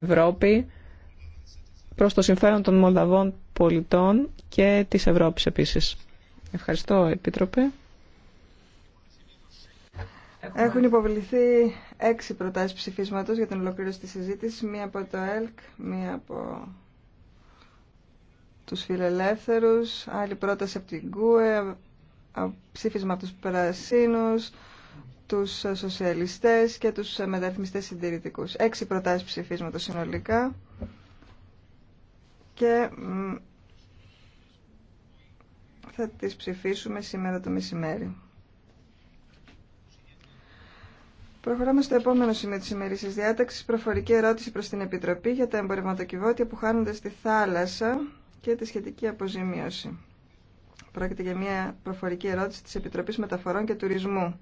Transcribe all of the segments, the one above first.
Ευρώπη προς το συμφέρον των Μολδαβών πολιτών και της Ευρώπης επίσης. Ευχαριστώ, Επίτροπε. Έχουν υποβληθεί έξι προτάσεις ψηφίσματος για την ολοκλήρωση της συζήτησης. Μία από το ΕΛΚ, μία από τους φιλελεύθερους, άλλη πρόταση από την ΚΟΕ, ψήφισμα από τους Περασίνους τους σοσιαλιστές και τους μεταρρυθμιστές συντηρητικούς. Έξι προτάσεις ψηφίσματος συνολικά και θα τις ψηφίσουμε σήμερα το μεσημέρι. Προχωράμε στο επόμενο σημείο της ημερήσιας διάταξης, προφορική ερώτηση προς την Επιτροπή για τα εμπορευματοκιβώτια που χάνονται στη θάλασσα και τη σχετική αποζημίωση. Πρόκειται για μια προφορική ερώτηση της Επιτροπής Μεταφορών και Τουρισμού.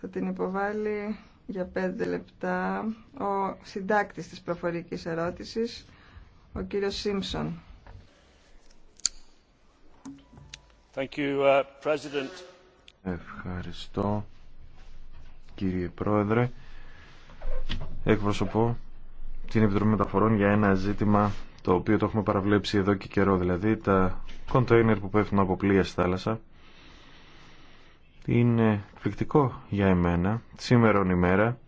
Θα την υποβάλει για πέντε λεπτά ο συντάκτης της προφορικής ερώτησης, ο κύριος Σίμψον. Uh, Ευχαριστώ κύριε Πρόεδρε. Εκπροσωπώ την Επιτροπή Μεταφορών για ένα ζήτημα το οποίο το έχουμε παραβλέψει εδώ και καιρό, δηλαδή τα κοντέινερ που πέφτουν από πλοία στη θάλασσα είναι εκπληκτικό για εμένα, σήμερα ημέρα,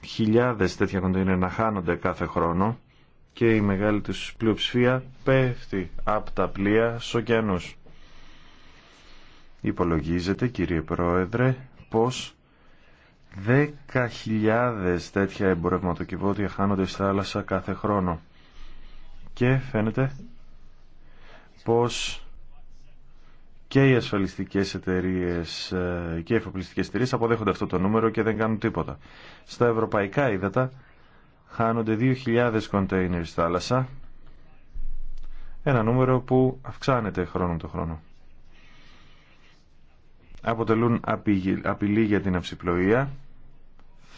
χιλιάδες τέτοια είναι να χάνονται κάθε χρόνο και η μεγάλη τους πλειοψηφία πέφτει από τα πλοία στους ωκεανούς. Υπολογίζεται, κύριε Πρόεδρε, πως 10.000 τέτοια εμπορευματοκιβώτια χάνονται στη θάλασσα κάθε χρόνο. Και φαίνεται πως και οι ασφαλιστικέ εταιρείε ε, και οι εφοπλιστικέ εταιρείε αποδέχονται αυτό το νούμερο και δεν κάνουν τίποτα. Στα ευρωπαϊκά ύδατα χάνονται 2.000 κοντέινερ στη θάλασσα, ένα νούμερο που αυξάνεται χρόνο το χρόνο. Αποτελούν απειλή για την αυσιπλοεία,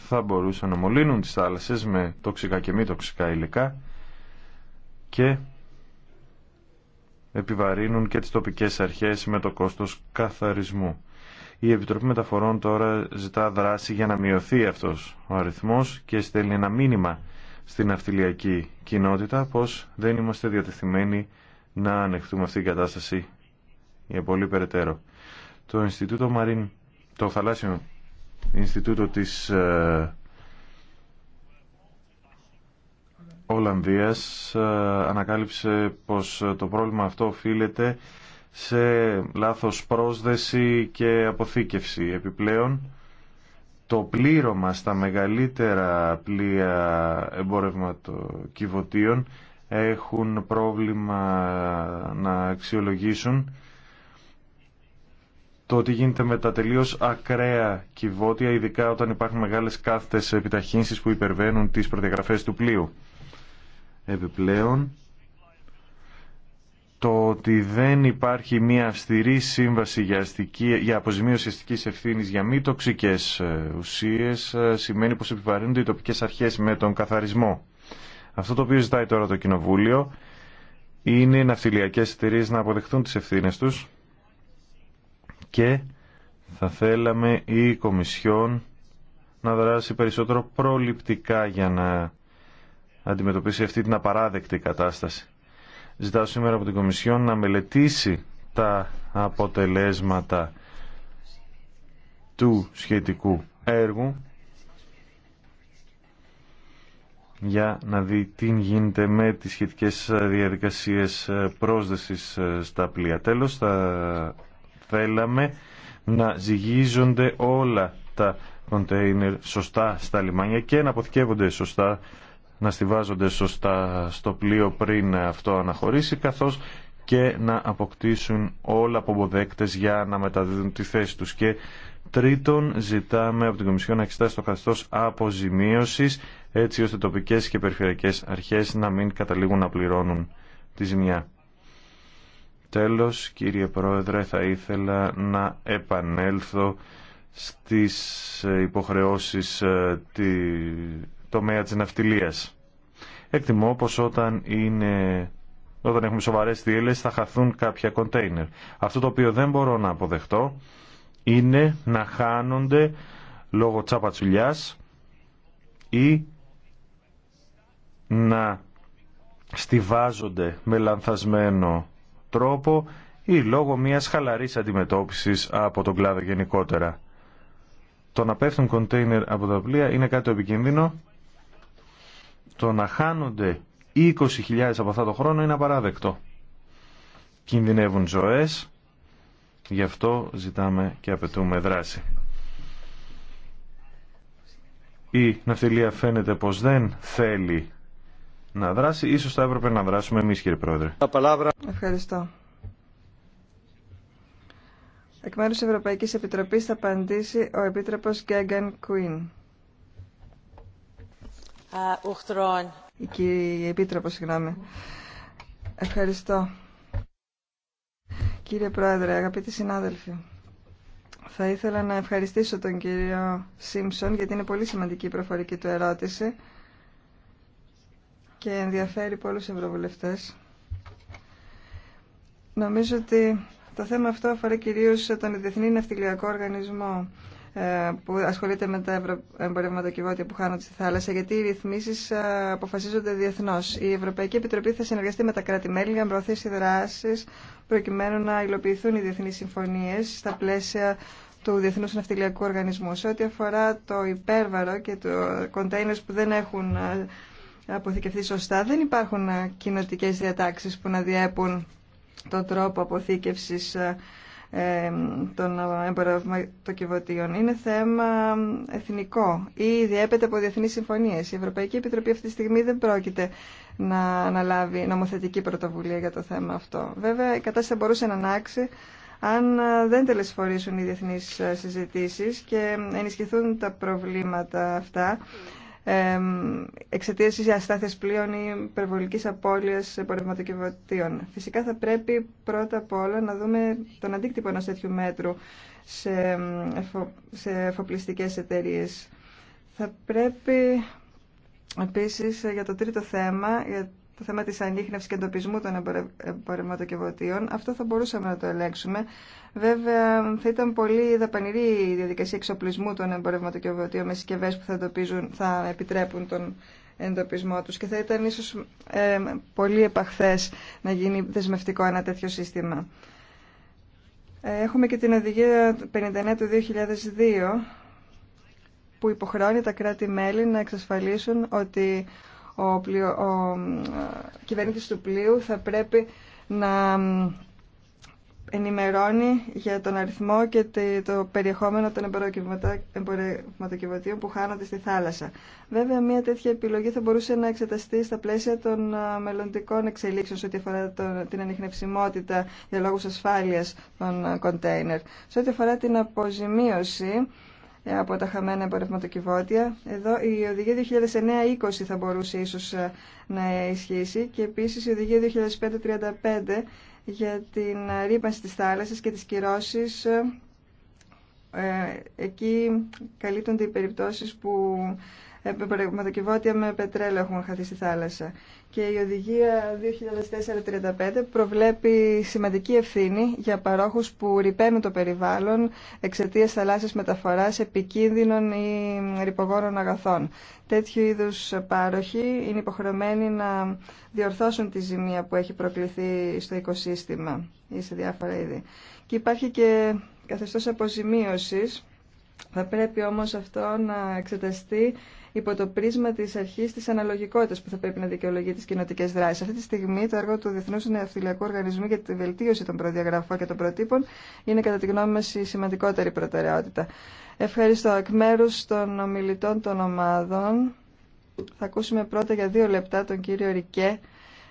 θα μπορούσαν να μολύνουν τις θάλασσες με τοξικά και μη τοξικά υλικά και επιβαρύνουν και τις τοπικές αρχές με το κόστος καθαρισμού. Η Επιτροπή Μεταφορών τώρα ζητά δράση για να μειωθεί αυτός ο αριθμός και στέλνει ένα μήνυμα στην αυτιλιακή κοινότητα πως δεν είμαστε διατεθειμένοι να ανεχθούμε αυτή την κατάσταση για πολύ περαιτέρω. Το Ινστιτούτο Μαρίν, το Θαλάσσιο Ινστιτούτο της ε, Ολλανδίας ε, ανακάλυψε πως ε, το πρόβλημα αυτό οφείλεται σε λάθος πρόσδεση και αποθήκευση. Επιπλέον, το πλήρωμα στα μεγαλύτερα πλοία εμπορευματοκιβωτίων έχουν πρόβλημα να αξιολογήσουν το ότι γίνεται με τα τελείως ακραία κυβότια, ειδικά όταν υπάρχουν μεγάλες κάθετες επιταχύνσεις που υπερβαίνουν τις προδιαγραφές του πλοίου. Επιπλέον, το ότι δεν υπάρχει μια αυστηρή σύμβαση για, αστική, για αποζημίωση αστική ευθύνη για μη τοξικέ ε, ουσίες ε, σημαίνει πως επιβαρύνονται οι τοπικές αρχές με τον καθαρισμό. Αυτό το οποίο ζητάει τώρα το Κοινοβούλιο είναι οι ναυτιλιακές εταιρείε να αποδεχθούν τις ευθύνες τους και θα θέλαμε η Κομισιόν να δράσει περισσότερο προληπτικά για να αντιμετωπίσει αυτή την απαράδεκτη κατάσταση. Ζητάω σήμερα από την Κομισιόν να μελετήσει τα αποτελέσματα του σχετικού έργου για να δει τι γίνεται με τις σχετικές διαδικασίες πρόσδεσης στα πλοία. Τέλος, θα θέλαμε να ζυγίζονται όλα τα κοντέινερ σωστά στα λιμάνια και να αποθηκεύονται σωστά να στηβάζονται σωστά στο πλοίο πριν αυτό αναχωρήσει, καθώς και να αποκτήσουν όλα αποδέκτες για να μεταδίδουν τη θέση τους. Και τρίτον, ζητάμε από την Κομισιόν να εξετάσει το καθεστώς αποζημίωσης, έτσι ώστε τοπικές και περιφερειακές αρχές να μην καταλήγουν να πληρώνουν τη ζημιά. Τέλος, κύριε Πρόεδρε, θα ήθελα να επανέλθω στις υποχρεώσεις ε, τομέα της ναυτιλίας. Εκτιμώ πως όταν, είναι, όταν έχουμε σοβαρές θύελες θα χαθούν κάποια κοντέινερ. Αυτό το οποίο δεν μπορώ να αποδεχτώ είναι να χάνονται λόγω τσαπατσουλιάς ή να στηβάζονται με λανθασμένο τρόπο ή λόγω μιας χαλαρής αντιμετώπισης από τον κλάδο γενικότερα. Το να πέφτουν κοντέινερ από τα πλοία είναι κάτι επικίνδυνο το να χάνονται 20.000 από αυτά το χρόνο είναι απαράδεκτο. Κινδυνεύουν ζωές, γι' αυτό ζητάμε και απαιτούμε δράση. Η ναυτιλία φαίνεται πως δεν θέλει να δράσει. Ίσως θα έπρεπε να δράσουμε εμείς κύριε Πρόεδρε. Ευχαριστώ. Εκ μέρους της Ευρωπαϊκής Επιτροπής θα απαντήσει ο Επίτροπος Γκέγκαν Κουίν. Ε, Κύριε Επίτροπο, συγγνώμη. Ευχαριστώ. Κύριε Πρόεδρε, αγαπητοί συνάδελφοι. Θα ήθελα να ευχαριστήσω τον κύριο Σίμψον γιατί είναι πολύ σημαντική η προφορική του ερώτηση και ενδιαφέρει πολλούς ευρωβουλευτές. Νομίζω ότι το θέμα αυτό αφορά κυρίως τον Διεθνή Ναυτιλιακό Οργανισμό ε, που ασχολείται με τα εμπορευματοκιβώτια που χάνονται στη θάλασσα, γιατί οι ρυθμίσει ε, αποφασίζονται διεθνώ. Η Ευρωπαϊκή Επιτροπή θα συνεργαστεί με τα κράτη-μέλη για να προωθήσει δράσει προκειμένου να υλοποιηθούν οι διεθνεί συμφωνίε στα πλαίσια του Διεθνού Ναυτιλιακού Οργανισμού. Σε ό,τι αφορά το υπέρβαρο και το κοντέινερ που δεν έχουν ε, αποθηκευτεί σωστά, δεν υπάρχουν κοινοτικέ διατάξει που να διέπουν τον τρόπο αποθήκευση των εμπορευματοκιβωτίων. Είναι θέμα εθνικό ή διέπεται από διεθνείς συμφωνίες. Η Ευρωπαϊκή Επιτροπή αυτή τη στιγμή δεν πρόκειται να αναλάβει νομοθετική πρωτοβουλία για το θέμα αυτό. Βέβαια, η κατάσταση θα μπορούσε να ανάξει αν δεν τελεσφορήσουν οι διεθνείς συζητήσεις και ενισχυθούν τα προβλήματα αυτά εξαιτία τη αστάθεια πλοίων ή υπερβολική απώλεια πορευματοκιβωτίων. Φυσικά θα πρέπει πρώτα απ' όλα να δούμε τον αντίκτυπο ενό τέτοιου μέτρου σε, εφο, σε εφοπλιστικέ εταιρείε. Θα πρέπει επίση ε, για το τρίτο θέμα, για το θέμα της ανείχνευσης και εντοπισμού των εμπορευματοκιβωτίων. Αυτό θα μπορούσαμε να το ελέγξουμε. Βέβαια, θα ήταν πολύ δαπανηρή η διαδικασία εξοπλισμού των εμπορευματοκιβωτίων με συσκευέ που θα, θα επιτρέπουν τον εντοπισμό τους και θα ήταν ίσως ε, πολύ επαχθές να γίνει δεσμευτικό ένα τέτοιο σύστημα. Ε, έχουμε και την οδηγία 59 του 2002 που υποχρεώνει τα κράτη-μέλη να εξασφαλίσουν ότι ο, πλοιο, ο ε, κυβέρνητης του πλοίου θα πρέπει να ενημερώνει για τον αριθμό και το περιεχόμενο των εμπορευματοκιβωτίων που χάνονται στη θάλασσα. Βέβαια, μια τέτοια επιλογή θα μπορούσε να εξεταστεί στα πλαίσια των ε, μελλοντικών εξελίξεων σε ό,τι αφορά την ανιχνευσιμότητα για λόγους ασφάλειας των ε, κοντέινερ. Σε ό,τι αφορά την αποζημίωση, από τα χαμένα εμπορευματοκιβώτια. Εδώ η οδηγία 2009-20 θα μπορούσε ίσως ε, να ισχύσει και επίσης η οδηγία 2005-35 για την ε, ρήπανση της θάλασσας και τις κυρώσεις. Ε, εκεί καλύπτονται οι περιπτώσεις που ε, πραγματοκιβώτια με πετρέλαιο έχουν χαθεί στη θάλασσα. Και η οδηγία 2004-35 προβλέπει σημαντική ευθύνη για παρόχους που ρηπαίνουν το περιβάλλον εξαιτίας θαλάσσιας μεταφοράς επικίνδυνων ή ρηπογόνων αγαθών. Τέτοιου είδους πάροχοι είναι υποχρεωμένοι να διορθώσουν τη ζημία που έχει προκληθεί στο οικοσύστημα ή σε διάφορα είδη. Και υπάρχει και καθεστώς αποζημίωσης θα πρέπει όμως αυτό να εξεταστεί υπό το πρίσμα της αρχής της αναλογικότητας που θα πρέπει να δικαιολογεί τις κοινοτικές δράσεις. Αυτή τη στιγμή το έργο του Διεθνούς Νεοφυλακού Οργανισμού για τη βελτίωση των προδιαγραφών και των προτύπων είναι κατά τη γνώμη μας η σημαντικότερη προτεραιότητα. Ευχαριστώ εκ μέρου των ομιλητών των ομάδων. Θα ακούσουμε πρώτα για δύο λεπτά τον κύριο Ρικέ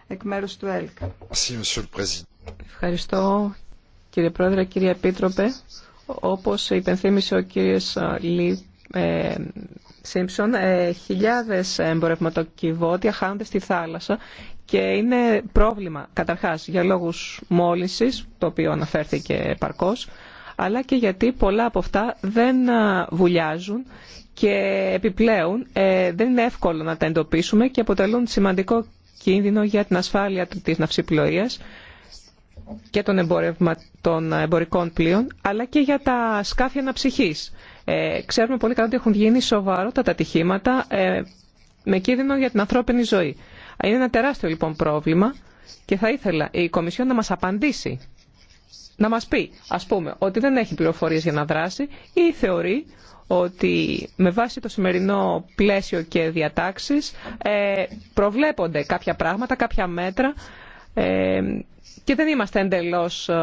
εκ μέρου του ΕΛΚ. Ευχαριστώ κύριε Πρόεδρε, κύριε Επίτροπε. Όπως υπενθύμησε ο κύριος ε, Λί ε, Σίμψον, ε, χιλιάδες εμπορευματοκιβώτια χάνονται στη θάλασσα και είναι πρόβλημα καταρχάς για λόγους μόλυνσης, το οποίο αναφέρθηκε παρκώς, αλλά και γιατί πολλά από αυτά δεν βουλιάζουν και επιπλέον δεν είναι εύκολο να τα εντοπίσουμε και αποτελούν σημαντικό κίνδυνο για την ασφάλεια της ναυσιπλοείας και των, εμπορευμα... των ε, εμπορικών πλοίων, αλλά και για τα σκάφη αναψυχής. Ε, ξέρουμε πολύ καλά ότι έχουν γίνει σοβαρότατα ατυχήματα ε, με κίνδυνο για την ανθρώπινη ζωή. Είναι ένα τεράστιο λοιπόν πρόβλημα και θα ήθελα η Κομισιόν να μας απαντήσει, να μας πει ας πούμε ότι δεν έχει πληροφορίες για να δράσει ή θεωρεί ότι με βάση το σημερινό πλαίσιο και διατάξεις ε, προβλέπονται κάποια πράγματα, κάποια μέτρα ε, και δεν είμαστε εντελώς ε,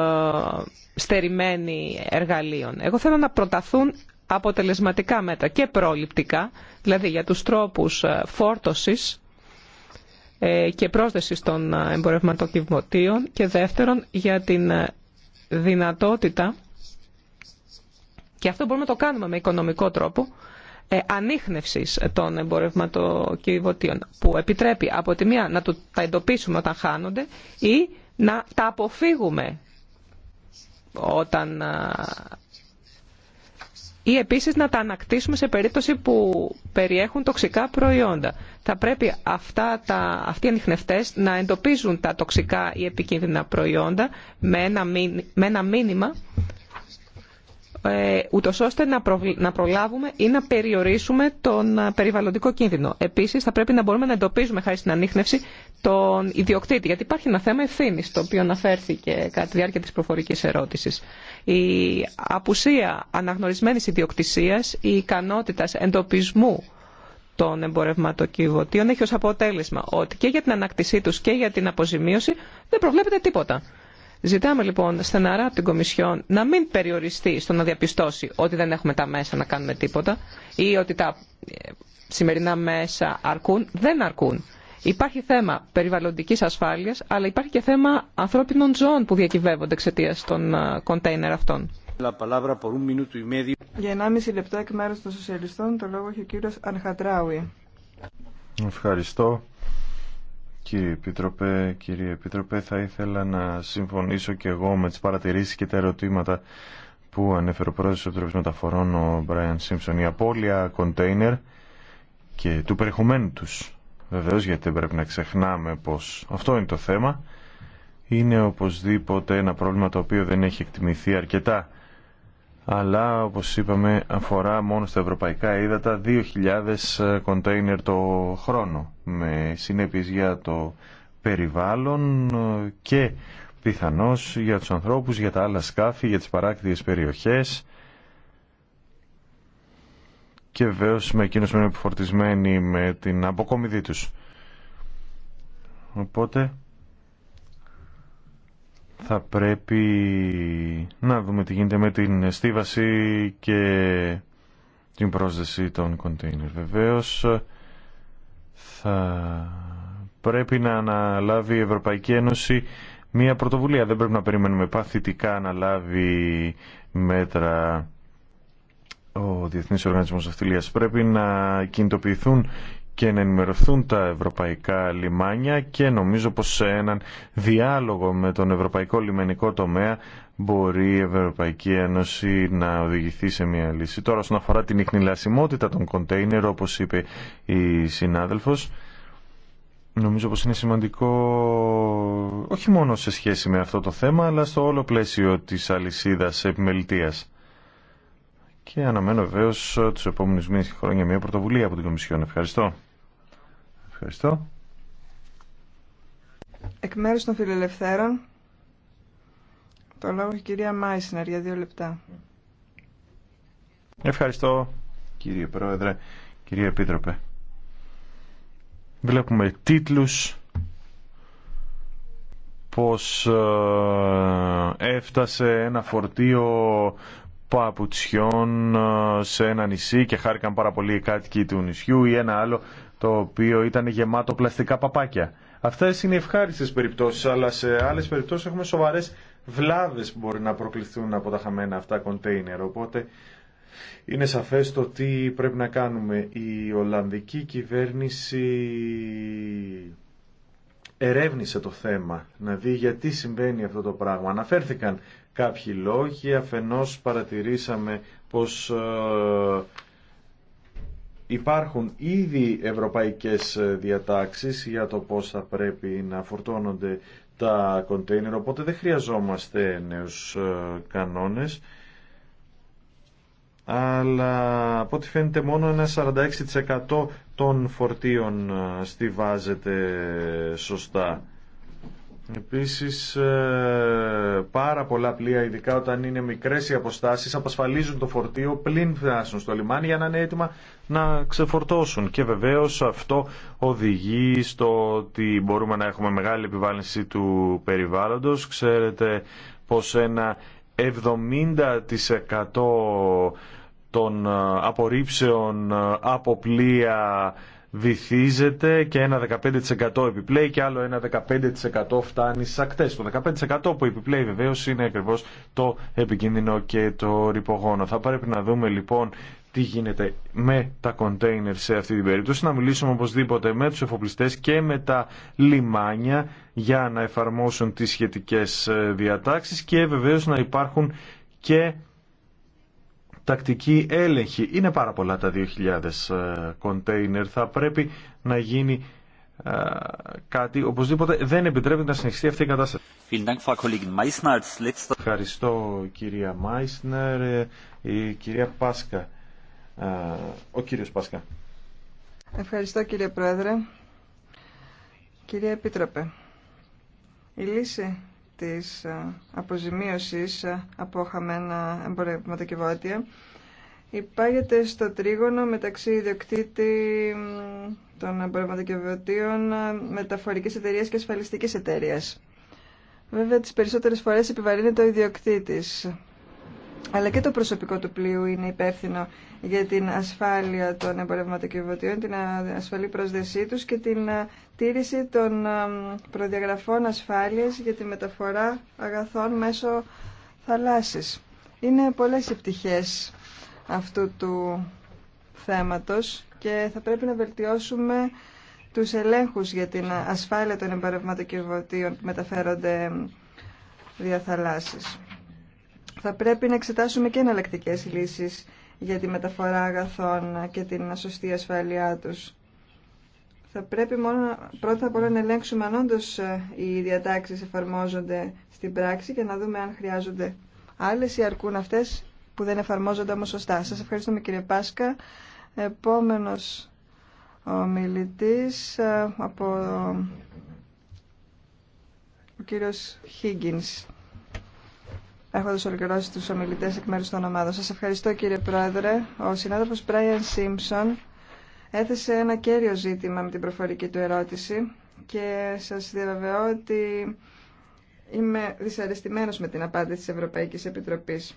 στερημένοι εργαλείων. Εγώ θέλω να προταθούν αποτελεσματικά μέτρα και προληπτικά, δηλαδή για τους τρόπους ε, φόρτωσης και πρόσδεσης των εμπορευματοκιβωτίων και δεύτερον για την δυνατότητα, και αυτό μπορούμε να το κάνουμε με οικονομικό τρόπο, ε, ανείχνευσης των εμπορευματοκιβωτίων που επιτρέπει από τη μία να τα εντοπίσουμε όταν χάνονται ή να τα αποφύγουμε όταν ή επίσης να τα ανακτήσουμε σε περίπτωση που περιέχουν τοξικά προϊόντα. Θα πρέπει αυτά τα, αυτοί οι ανιχνευτές να εντοπίζουν τα τοξικά ή επικίνδυνα προϊόντα με με ένα μήνυμα ε, ούτως ώστε να προλάβουμε ή να περιορίσουμε τον ε, περιβαλλοντικό κίνδυνο. Επίσης, θα πρέπει να μπορούμε να εντοπίζουμε χάρη στην ανείχνευση τον ιδιοκτήτη, γιατί υπάρχει ένα θέμα ευθύνη, το οποίο αναφέρθηκε κατά τη διάρκεια της προφορικής ερώτησης. Η απουσία αναγνωρισμένης ιδιοκτησίας, η ικανότητα εντοπισμού των εμπορευματοκιβωτίων έχει ως αποτέλεσμα ότι και για την ανακτησή τους και για την αποζημίωση δεν προβλέπεται τίποτα. Ζητάμε λοιπόν στεναρά από την Κομισιόν να μην περιοριστεί στο να διαπιστώσει ότι δεν έχουμε τα μέσα να κάνουμε τίποτα ή ότι τα ε, σημερινά μέσα αρκούν. Δεν αρκούν. Υπάρχει θέμα περιβαλλοντικής ασφάλειας, αλλά υπάρχει και θέμα ανθρώπινων ζώων που διακυβεύονται εξαιτία των ε, κοντέινερ αυτών. Για 1,5 λεπτά εκ μέρου των Σοσιαλιστών το λόγο έχει ο κύριο Ευχαριστώ. Κύριε Επίτροπε, κύριε Επίτροπε, θα ήθελα να συμφωνήσω και εγώ με τις παρατηρήσεις και τα ερωτήματα που ανέφερε ο πρόεδρος της Επιτροπής Μεταφορών, ο Μπράιαν Σίμψον. Η απώλεια κοντέινερ και του περιεχομένου τους, βεβαίως, γιατί δεν πρέπει να ξεχνάμε πως αυτό είναι το θέμα, είναι οπωσδήποτε ένα πρόβλημα το οποίο δεν έχει εκτιμηθεί αρκετά αλλά όπως είπαμε αφορά μόνο στα ευρωπαϊκά ύδατα 2.000 κοντέινερ το χρόνο με συνέπειες για το περιβάλλον και πιθανώς για τους ανθρώπους, για τα άλλα σκάφη, για τις παράκτιες περιοχές και βεβαίω με εκείνους που είναι επιφορτισμένοι με την αποκομιδή τους. Οπότε θα πρέπει να δούμε τι γίνεται με την στίβαση και την πρόσδεση των κοντέινερ. Βεβαίως θα πρέπει να αναλάβει η Ευρωπαϊκή Ένωση μια πρωτοβουλία. Δεν πρέπει να περιμένουμε παθητικά να λάβει μέτρα ο Διεθνής Οργανισμός Αυτιλίας. Πρέπει να κινητοποιηθούν και να ενημερωθούν τα ευρωπαϊκά λιμάνια και νομίζω πως σε έναν διάλογο με τον ευρωπαϊκό λιμενικό τομέα μπορεί η Ευρωπαϊκή Ένωση να οδηγηθεί σε μια λύση. Τώρα, όσον αφορά την ιχνηλασιμότητα των κοντέινερ, όπως είπε η συνάδελφος, Νομίζω πως είναι σημαντικό όχι μόνο σε σχέση με αυτό το θέμα, αλλά στο όλο πλαίσιο της αλυσίδας επιμελητίας. Και αναμένω βεβαίω του επόμενου μήνε και χρόνια μια πρωτοβουλία από την Κομισιόν. Ευχαριστώ. Ευχαριστώ. Εκ μέρους των φιλελευθέρων, το λόγο έχει η κυρία Μάισνερ για δύο λεπτά. Ευχαριστώ κύριε Πρόεδρε, κύριε Επίτροπε. Βλέπουμε τίτλους πως ε, έφτασε ένα φορτίο παπουτσιών ε, σε ένα νησί και χάρηκαν πάρα πολύ οι κάτοικοι του νησιού ή ένα άλλο το οποίο ήταν γεμάτο πλαστικά παπάκια. Αυτέ είναι ευχάριστε περιπτώσεις, αλλά σε άλλες περιπτώσεις έχουμε σοβαρές βλάβες που μπορεί να προκληθούν από τα χαμένα αυτά κοντέινερ. Οπότε είναι σαφές το τι πρέπει να κάνουμε. Η Ολλανδική κυβέρνηση ερεύνησε το θέμα, να δει γιατί συμβαίνει αυτό το πράγμα. Αναφέρθηκαν κάποιοι λόγοι, αφενός παρατηρήσαμε πως ε, Υπάρχουν ήδη ευρωπαϊκές ε, διατάξεις για το πώς θα πρέπει να φορτώνονται τα κοντέινερ, οπότε δεν χρειαζόμαστε νέους ε, κανόνες. Αλλά από ό,τι φαίνεται μόνο ένα 46% των φορτίων ε, στηβάζεται σωστά. Επίσης ε, πάρα πολλά πλοία, ειδικά όταν είναι μικρές οι αποστάσεις, απασφαλίζουν το φορτίο πλην φτάσουν στο λιμάνι για να είναι έτοιμα να ξεφορτώσουν. Και βεβαίως αυτό οδηγεί στο ότι μπορούμε να έχουμε μεγάλη επιβάλληση του περιβάλλοντος. Ξέρετε πως ένα 70% των ε, απορρίψεων ε, από πλοία βυθίζεται και ένα 15% επιπλέει και άλλο ένα 15% φτάνει στι ακτές. Το 15% που επιπλέει βεβαίω είναι ακριβώς το επικίνδυνο και το ρηπογόνο. Θα πρέπει να δούμε λοιπόν τι γίνεται με τα κοντέινερ σε αυτή την περίπτωση, να μιλήσουμε οπωσδήποτε με τους εφοπλιστές και με τα λιμάνια για να εφαρμόσουν τις σχετικές ε, διατάξεις και βεβαίως να υπάρχουν και τακτική έλεγχη. Είναι πάρα πολλά τα 2.000 ε, κοντέινερ. Θα πρέπει να γίνει ε, κάτι. Οπωσδήποτε δεν επιτρέπεται να συνεχιστεί αυτή η κατάσταση. Ευχαριστώ κυρία Μάισνερ. Η κυρία Πάσκα. Ε, ο κύριος Πάσκα. Ευχαριστώ κύριε Πρόεδρε. Κυρία Επίτροπε, η λύση της ε, αποζημίωσης ε, από χαμένα εμπορευματοκιβώτια υπάγεται στο τρίγωνο μεταξύ ιδιοκτήτη των εμπορευματοκιβωτίων ε, μεταφορικής εταιρεία και ασφαλιστικής εταιρεία. Βέβαια, τις περισσότερες φορές επιβαρύνεται ο ιδιοκτήτης αλλά και το προσωπικό του πλοίου είναι υπεύθυνο για την ασφάλεια των εμπορευματοκιβωτίων, την ασφαλή προσδεσή τους και την τήρηση των προδιαγραφών ασφάλειας για τη μεταφορά αγαθών μέσω θαλάσσης. Είναι πολλές οι αυτού του θέματος και θα πρέπει να βελτιώσουμε τους ελέγχους για την ασφάλεια των εμπορευματοκιβωτίων που μεταφέρονται δια θαλάσσης θα πρέπει να εξετάσουμε και εναλλακτικέ λύσεις για τη μεταφορά αγαθών και την σωστή ασφάλειά τους. Θα πρέπει μόνο, πρώτα απ' όλα να ελέγξουμε αν όντω ε, οι διατάξεις εφαρμόζονται στην πράξη και να δούμε αν χρειάζονται άλλες ή αρκούν αυτές που δεν εφαρμόζονται όμως σωστά. Σας ευχαριστούμε κύριε Πάσκα. Επόμενος ο ε, από ο κύριος Higgins έχω ολοκληρώσει τους ομιλητές εκ μέρους των ομάδων. Σας ευχαριστώ κύριε Πρόεδρε. Ο συνάδελφος Brian Simpson έθεσε ένα κέριο ζήτημα με την προφορική του ερώτηση και σας διαβεβαιώ ότι είμαι δυσαρεστημένος με την απάντηση της Ευρωπαϊκής Επιτροπής.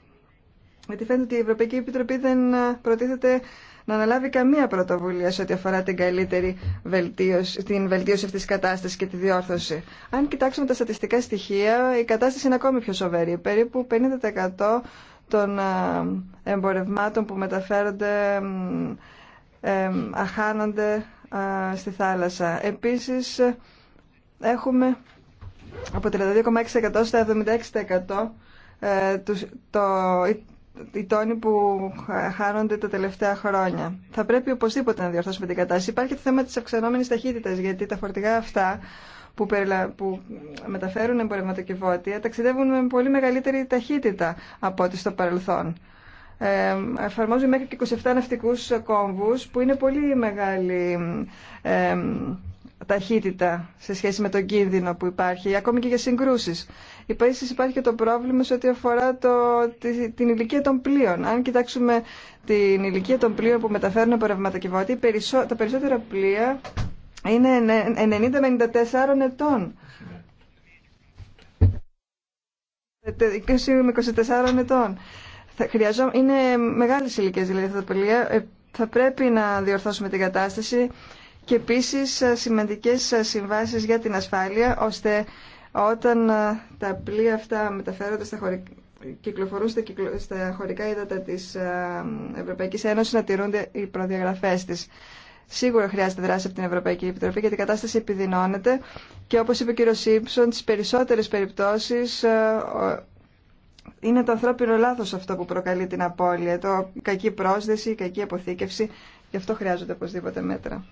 Γιατί φαίνεται ότι η Ευρωπαϊκή Επιτροπή δεν προτίθεται να αναλάβει καμία πρωτοβουλία σε ό,τι αφορά την καλύτερη βελτίωση, την βελτίωση αυτής της κατάστασης και τη διόρθωση. Αν κοιτάξουμε τα στατιστικά στοιχεία, η κατάσταση είναι ακόμη πιο σοβαρή. Περίπου 50% των ε, εμπορευμάτων που μεταφέρονται ε, αχάνονται ε, στη θάλασσα. Επίσης, έχουμε από 32,6% στα 76% το, οι τόνοι που χάνονται τα τελευταία χρόνια. Θα πρέπει οπωσδήποτε να διορθώσουμε την κατάσταση. Υπάρχει το θέμα της αυξανόμενης ταχύτητα, γιατί τα φορτηγά αυτά που, που μεταφέρουν εμπορευματοκιβώτια ταξιδεύουν με πολύ μεγαλύτερη ταχύτητα από ό,τι στο παρελθόν. Ε, εφαρμόζουν μέχρι και 27 ναυτικού κόμβου που είναι πολύ μεγάλη... Ε, ταχύτητα σε σχέση με τον κίνδυνο που υπάρχει, ακόμη και για συγκρούσεις. Επίσης υπάρχει και το πρόβλημα σε ό,τι αφορά το, την ηλικία των πλοίων. Αν κοιτάξουμε την ηλικία των πλοίων που μεταφέρουν από ρευματοκιβώτη, τα περισσότερα πλοία είναι 90-94 ετών. με 24 ετών. Θα είναι μεγάλες ηλικίες δηλαδή αυτά τα πλοία. Ε, θα πρέπει να διορθώσουμε την κατάσταση και επίσης ε, σημαντικές ε, συμβάσεις για την ασφάλεια, ώστε όταν ε, τα πλοία αυτά μεταφέρονται στα χωρικά κυκλοφορούν στα, χωρικά ύδατα της Ευρωπαϊκής Ένωσης να τηρούνται οι προδιαγραφές της. Σίγουρα χρειάζεται δράση από την Ευρωπαϊκή Επιτροπή γιατί η κατάσταση επιδεινώνεται και όπως είπε ο κύριος Σίμψον, τις περισσότερες περιπτώσεις είναι το ανθρώπινο λάθος αυτό που προκαλεί την απώλεια, το κακή πρόσδεση, η κακή αποθήκευση Γι' αυτό χρειάζονται οπωσδήποτε μέτρα.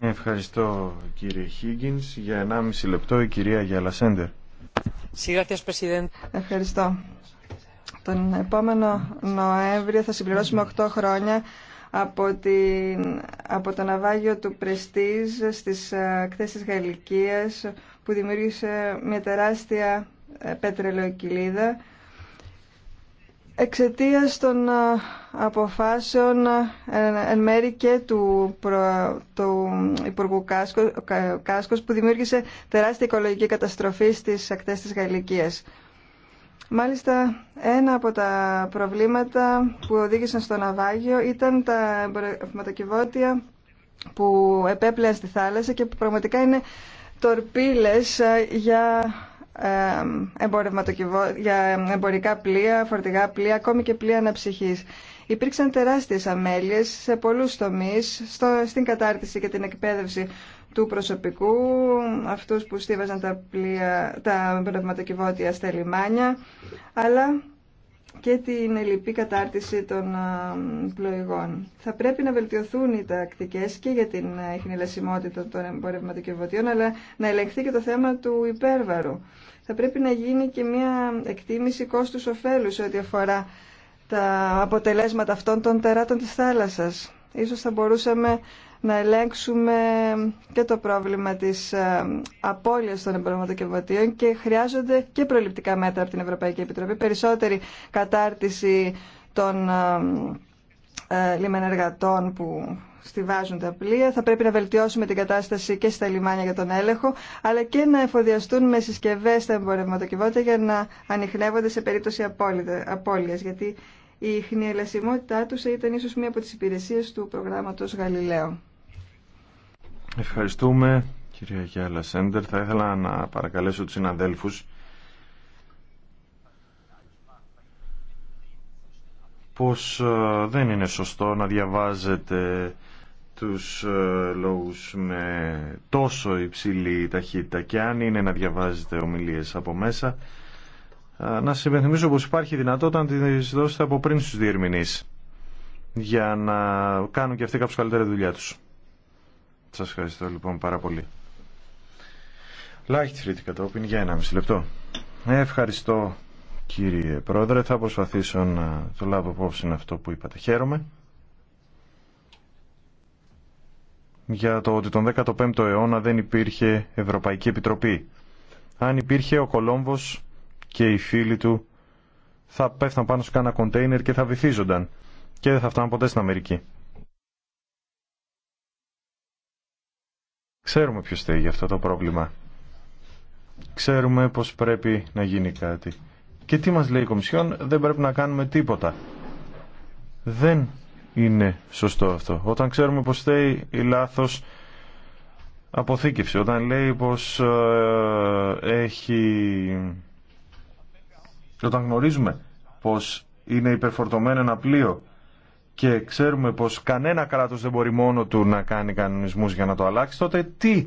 Ευχαριστώ κύριε Χίγκινς. Για 1,5 λεπτό η κυρία Γιαλασέντερ. Ευχαριστώ. Τον επόμενο Νοέμβριο θα συμπληρώσουμε 8 χρόνια από, την, από το ναυάγιο του Πρεστίζ στις ακτές ε, της Γαλλικίας που δημιούργησε μια τεράστια ε, πετρελαιοκυλίδα εξαιτίας των αποφάσεων εν μέρη και του, του Υπουργού Κάσκος που δημιούργησε τεράστια οικολογική καταστροφή στις ακτές της Γαλλικίας. Μάλιστα, ένα από τα προβλήματα που οδήγησαν στο ναυάγιο ήταν τα εμπορευματοκιβώτια που επέπλεαν στη θάλασσα και που πραγματικά είναι τορπίλες για ε, για εμπορικά πλοία, φορτηγά πλοία, ακόμη και πλοία αναψυχής. Υπήρξαν τεράστιες αμέλειες σε πολλούς τομείς, στην κατάρτιση και την εκπαίδευση του προσωπικού, αυτούς που στήβαζαν τα, πλοία, τα στα λιμάνια, αλλά και την ελληπή κατάρτιση των πλοηγών. Θα πρέπει να βελτιωθούν οι τακτικές και για την ειχνηλασιμότητα των βοτιών αλλά να ελεγχθεί και το θέμα του υπέρβαρου. Θα πρέπει να γίνει και μια εκτίμηση κόστους σε ό,τι αφορά τα αποτελέσματα αυτών των τεράτων της θάλασσας. Ίσως θα μπορούσαμε να ελέγξουμε και το πρόβλημα της ε, απώλειας των εμπορευματοκιβωτίων και χρειάζονται και προληπτικά μέτρα από την Ευρωπαϊκή Επιτροπή, περισσότερη κατάρτιση των ε, ε, λιμενεργατών που στηβάζουν τα πλοία. Θα πρέπει να βελτιώσουμε την κατάσταση και στα λιμάνια για τον έλεγχο, αλλά και να εφοδιαστούν με συσκευέ τα εμπορευματοκιβώτια για να ανοιχνεύονται σε περίπτωση απώλεια. Γιατί η χνηλασιμότητά του ήταν ίσω μία από τι υπηρεσίε του προγράμματο Γαλιλαίο. Ευχαριστούμε κυρία Γιάλα Σέντερ. Θα ήθελα να παρακαλέσω τους συναδέλφους πως ε, δεν είναι σωστό να διαβάζετε τους ε, λόγους με τόσο υψηλή ταχύτητα και αν είναι να διαβάζετε ομιλίες από μέσα ε, να σας υπενθυμίσω πως υπάρχει δυνατότητα να τις δώσετε από πριν στους διερμηνείς για να κάνουν και αυτοί κάπως καλύτερη δουλειά τους. Σας ευχαριστώ λοιπόν πάρα πολύ. Λάχιτ φρίτη κατόπιν για ένα μισή λεπτό. Ευχαριστώ κύριε Πρόεδρε. Θα προσπαθήσω να το λάβω απόψη αυτό που είπατε. Χαίρομαι. για το ότι τον 15ο αιώνα δεν υπήρχε Ευρωπαϊκή Επιτροπή. Αν υπήρχε ο Κολόμβος και οι φίλοι του θα πέφταν πάνω σε κάνα κοντέινερ και θα βυθίζονταν και δεν θα φτάνουν ποτέ στην Αμερική. Ξέρουμε ποιος στέγει για αυτό το πρόβλημα. Ξέρουμε πως πρέπει να γίνει κάτι. Και τι μας λέει η Κομισιόν, δεν πρέπει να κάνουμε τίποτα. Δεν είναι σωστό αυτό. Όταν ξέρουμε πως θέλει η λάθος αποθήκευση, όταν λέει πως ε, έχει... Όταν γνωρίζουμε πως είναι υπερφορτωμένο ένα πλοίο και ξέρουμε πως κανένα κράτος δεν μπορεί μόνο του να κάνει κανονισμούς για να το αλλάξει, τότε τι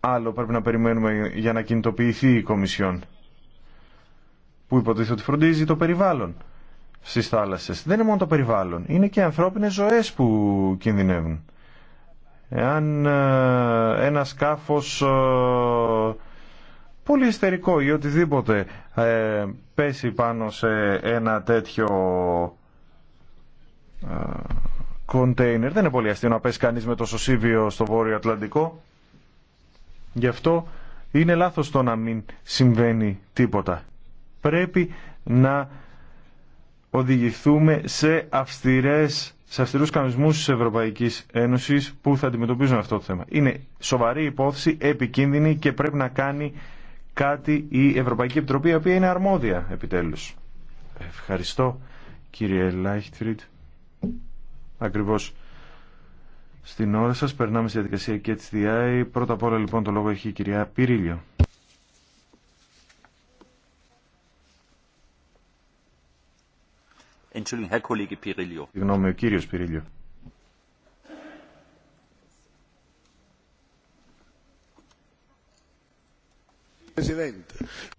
άλλο πρέπει να περιμένουμε για να κινητοποιηθεί η Κομισιόν που υποτίθεται ότι φροντίζει το περιβάλλον στις θάλασσες. Δεν είναι μόνο το περιβάλλον, είναι και οι ανθρώπινες ζωές που κινδυνεύουν. Εάν ε, ένα σκάφος ε, πολύ ιστερικό ή οτιδήποτε ε, πέσει πάνω σε ένα τέτοιο ε, κοντέινερ. Δεν είναι πολύ αστείο να πέσει κανείς με το σωσίβιο στο Βόρειο Ατλαντικό. Γι' αυτό είναι λάθος το να μην συμβαίνει τίποτα. Πρέπει να οδηγηθούμε σε αυστηρές σε αυστηρούς κανονισμούς της Ευρωπαϊκής Ένωσης που θα αντιμετωπίζουν αυτό το θέμα. Είναι σοβαρή υπόθεση, επικίνδυνη και πρέπει να κάνει κάτι η Ευρωπαϊκή Επιτροπή, η οποία είναι αρμόδια επιτέλους. Ευχαριστώ κύριε Λάιχτφριντ. Ακριβώς στην ώρα σας περνάμε στη διαδικασία και έτσι ΔΙΑΗ. Πρώτα απ' όλα λοιπόν το λόγο έχει η κυρία Πυρίλιο. Συγγνώμη, ο κύριος Πυρίλιο.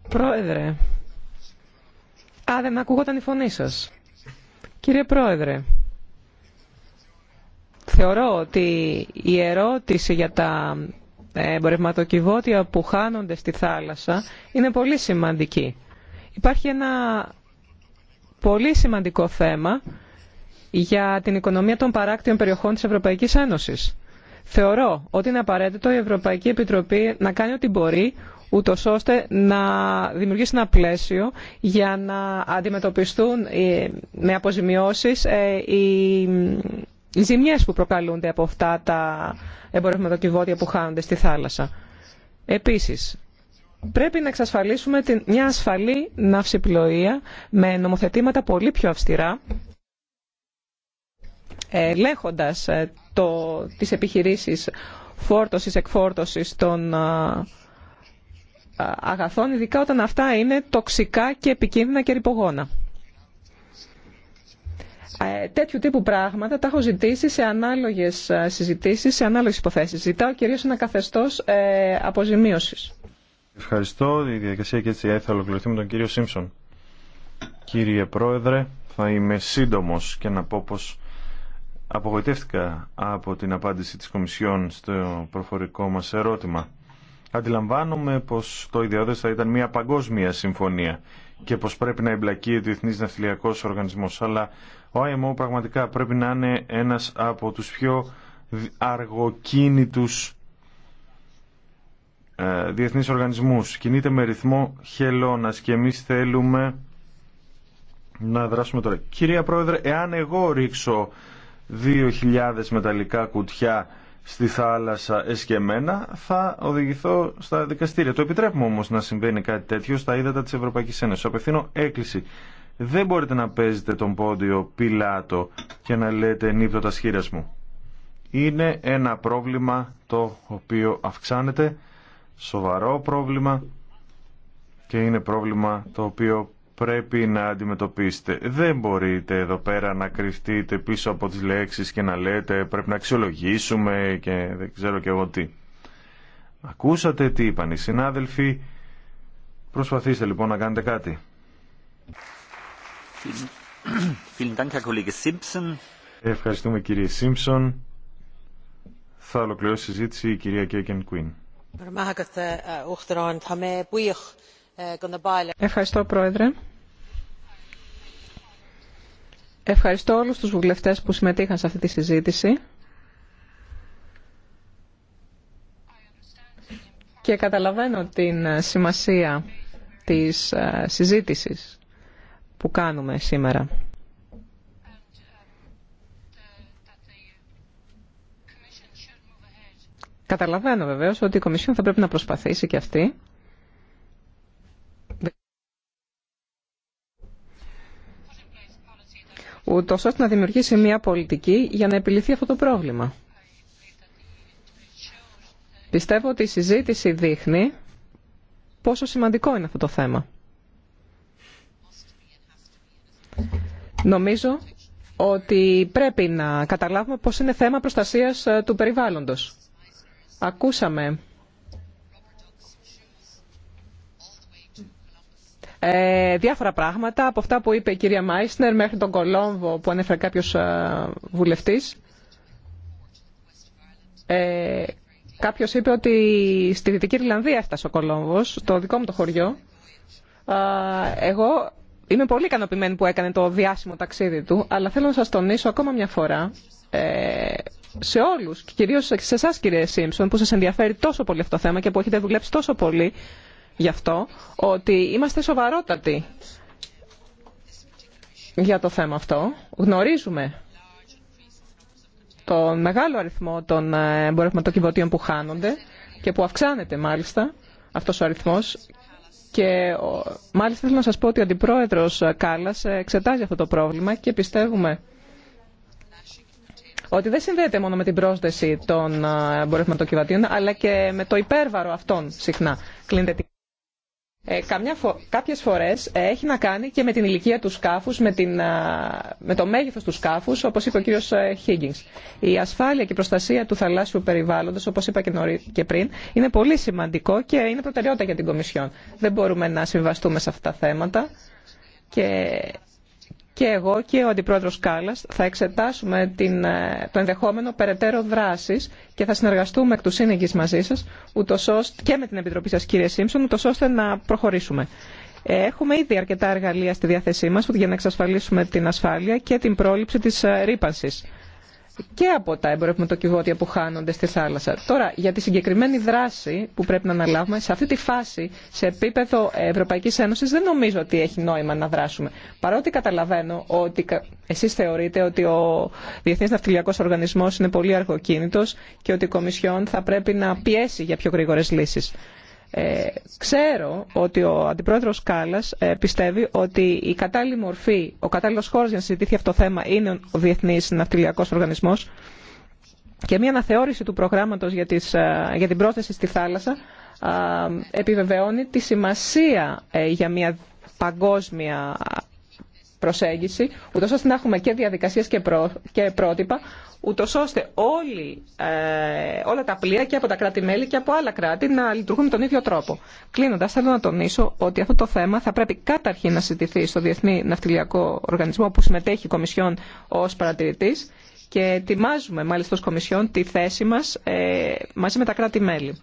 Πρόεδρε. Α, δεν φωνή Κύριε Πρόεδρε, θεωρώ ότι η ερώτηση για τα ε, εμπορευματοκιβώτια που χάνονται στη θάλασσα είναι πολύ σημαντική. Υπάρχει ένα πολύ σημαντικό θέμα για την οικονομία των παράκτιων περιοχών της Ευρωπαϊκής Ένωσης. Θεωρώ ότι είναι απαραίτητο η Ευρωπαϊκή Επιτροπή να κάνει ό,τι μπορεί ούτω ώστε να δημιουργήσει ένα πλαίσιο για να αντιμετωπιστούν ε, με αποζημιώσεις ε, οι ζημιές που προκαλούνται από αυτά τα εμπορευματοκιβώτια που χάνονται στη θάλασσα. Επίσης, πρέπει να εξασφαλίσουμε μια ασφαλή ναυσιπλοεία με νομοθετήματα πολύ πιο αυστηρά, ε, ελέγχοντας το, τις επιχειρήσεις φόρτωσης-εκφόρτωσης των αγαθών, ειδικά όταν αυτά είναι τοξικά και επικίνδυνα και ρηπογόνα. Ε, τέτοιου τύπου πράγματα τα έχω ζητήσει σε ανάλογες ε, συζητήσεις, σε ανάλογες υποθέσεις. Ζητάω κυρίως ένα καθεστώς ε, αποζημίωσης. Ευχαριστώ. Η διαδικασία και έτσι θα ολοκληρωθεί με τον κύριο Σίμψον. Κύριε Πρόεδρε, θα είμαι σύντομο και να πω πω απογοητεύτηκα από την απάντηση της Κομισιόν στο προφορικό μας ερώτημα. Αντιλαμβάνομαι πως το ιδιώδες θα ήταν μια παγκόσμια συμφωνία και πως πρέπει να εμπλακεί ο Διεθνής Ναυτιλιακός Οργανισμός, αλλά ο IMO πραγματικά πρέπει να είναι ένας από τους πιο αργοκίνητους ε, διεθνείς οργανισμούς. Κινείται με ρυθμό χελώνας και εμείς θέλουμε να δράσουμε τώρα. Κυρία Πρόεδρε, εάν εγώ ρίξω 2.000 μεταλλικά κουτιά στη θάλασσα εσκεμένα θα οδηγηθώ στα δικαστήρια. Το επιτρέπουμε όμως να συμβαίνει κάτι τέτοιο στα ύδατα της Ευρωπαϊκής Ένωσης. Απευθύνω έκκληση. Δεν μπορείτε να παίζετε τον πόντιο πιλάτο και να λέτε νύπτω τα σχήρας μου. Είναι ένα πρόβλημα το οποίο αυξάνεται, σοβαρό πρόβλημα και είναι πρόβλημα το οποίο πρέπει να αντιμετωπίσετε. Δεν μπορείτε εδώ πέρα να κρυφτείτε πίσω από τις λέξεις και να λέτε πρέπει να αξιολογήσουμε και δεν ξέρω και εγώ τι. Ακούσατε τι είπαν οι συνάδελφοι. Προσπαθήστε λοιπόν να κάνετε κάτι. Ευχαριστούμε κύριε Σίμψον. Θα ολοκληρώσει η συζήτηση η κυρία Κέικεν Κουίν. Ευχαριστώ, Πρόεδρε. Ευχαριστώ όλους τους βουλευτές που συμμετείχαν σε αυτή τη συζήτηση. Και καταλαβαίνω την σημασία της ε, συζήτησης που κάνουμε σήμερα. Καταλαβαίνω βεβαίως ότι η Κομισιόν θα πρέπει να προσπαθήσει και αυτή ούτω ώστε να δημιουργήσει μια πολιτική για να επιληθεί αυτό το πρόβλημα. Πιστεύω ότι η συζήτηση δείχνει πόσο σημαντικό είναι αυτό το θέμα. Νομίζω ότι πρέπει να καταλάβουμε πως είναι θέμα προστασίας ε, του περιβάλλοντος. Ακούσαμε Ε, διάφορα πράγματα από αυτά που είπε η κυρία Μάισνερ μέχρι τον Κολόμβο που ανέφερε κάποιος ε, βουλευτής. Ε, Κάποιο είπε ότι στη Δυτική Ιρλανδία έφτασε ο Κολόμβος το δικό μου το χωριό. Ε, εγώ είμαι πολύ ικανοποιημένη που έκανε το διάσημο ταξίδι του, αλλά θέλω να σας τονίσω ακόμα μια φορά σε όλους και κυρίω σε εσά κύριε Σίμψον, που σας ενδιαφέρει τόσο πολύ αυτό το θέμα και που έχετε δουλέψει τόσο πολύ γι' αυτό ότι είμαστε σοβαρότατοι για το θέμα αυτό. Γνωρίζουμε τον μεγάλο αριθμό των εμπορευματοκιβωτίων που χάνονται και που αυξάνεται μάλιστα αυτός ο αριθμός και μάλιστα θέλω να σας πω ότι ο Αντιπρόεδρος Κάλλας εξετάζει αυτό το πρόβλημα και πιστεύουμε ότι δεν συνδέεται μόνο με την πρόσδεση των εμπορευματοκιβωτίων αλλά και με το υπέρβαρο αυτών συχνά. Ε, κάποιες φορές έχει να κάνει και με την ηλικία του σκάφους, με, το μέγεθος του σκάφους, όπως είπε ο κύριος ε, Higgins. Η ασφάλεια και η προστασία του θαλάσσιου περιβάλλοντος, όπως είπα και, νωρί... και πριν, είναι πολύ σημαντικό και είναι προτεραιότητα για την Κομισιόν. Δεν μπορούμε να συμβαστούμε σε αυτά τα θέματα και και εγώ και ο Αντιπρόεδρος Κάλλας θα εξετάσουμε την, ε, το ενδεχόμενο περαιτέρω δράσης και θα συνεργαστούμε εκ του σύνεγγυς μαζί σας και με την Επιτροπή σας κύριε Σίμψον ούτως ώστε να προχωρήσουμε. Ε, έχουμε ήδη αρκετά εργαλεία στη διάθεσή μας για να εξασφαλίσουμε την ασφάλεια και την πρόληψη της ε, ρήπανσης και από τα εμπορευματοκιβώτια που χάνονται στη θάλασσα. Τώρα, για τη συγκεκριμένη δράση που πρέπει να αναλάβουμε, σε αυτή τη φάση, σε επίπεδο Ευρωπαϊκής Ένωσης, δεν νομίζω ότι έχει νόημα να δράσουμε. Παρότι καταλαβαίνω ότι εσείς θεωρείτε ότι ο Διεθνής Ναυτιλιακό Οργανισμός είναι πολύ αργοκίνητο και ότι η Κομισιόν θα πρέπει να πιέσει για πιο γρήγορε λύσει. Ε, ξέρω ότι ο Αντιπρόεδρος Κάλλας ε, πιστεύει ότι η κατάλληλη μορφή, ο κατάλληλος χώρος για να συζητήθει αυτό το θέμα είναι ο Διεθνής Ναυτιλιακός Οργανισμός και μια αναθεώρηση του προγράμματος για, ε, την πρόθεση στη θάλασσα επιβεβαιώνει τη σημασία για μια παγκόσμια προσέγγιση, ούτω ώστε να έχουμε και διαδικασίε και, πρότυπα, ούτω ώστε ε, όλα τα πλοία και από τα κράτη-μέλη και από άλλα κράτη να λειτουργούν με τον ίδιο τρόπο. Κλείνοντα, θέλω να τονίσω ότι αυτό το θέμα θα πρέπει καταρχήν να συζητηθεί στο Διεθνή Ναυτιλιακό Οργανισμό που συμμετέχει η Κομισιόν ω παρατηρητή και ετοιμάζουμε μάλιστα ω Κομισιόν τη θέση μα ε, μαζί με τα κράτη-μέλη.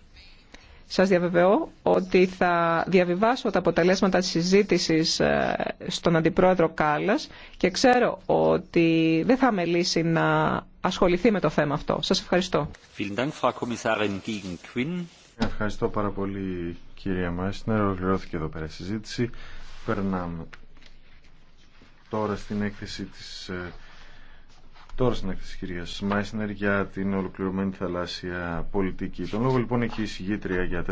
Σας διαβεβαιώ ότι θα διαβιβάσω τα αποτελέσματα της συζήτηση ε, στον Αντιπρόεδρο Κάλλας και ξέρω ότι δεν θα μελήσει να ασχοληθεί με το θέμα αυτό. Σας ευχαριστώ. Ευχαριστώ πάρα πολύ κυρία Μάσνερ. Ολοκληρώθηκε εδώ πέρα η συζήτηση. Περνάμε τώρα στην έκθεση της ε, Τώρα στην έκθεση κυρία Μάισνερ για την ολοκληρωμένη θαλάσσια πολιτική. Τον λόγο λοιπόν έχει η συγγήτρια για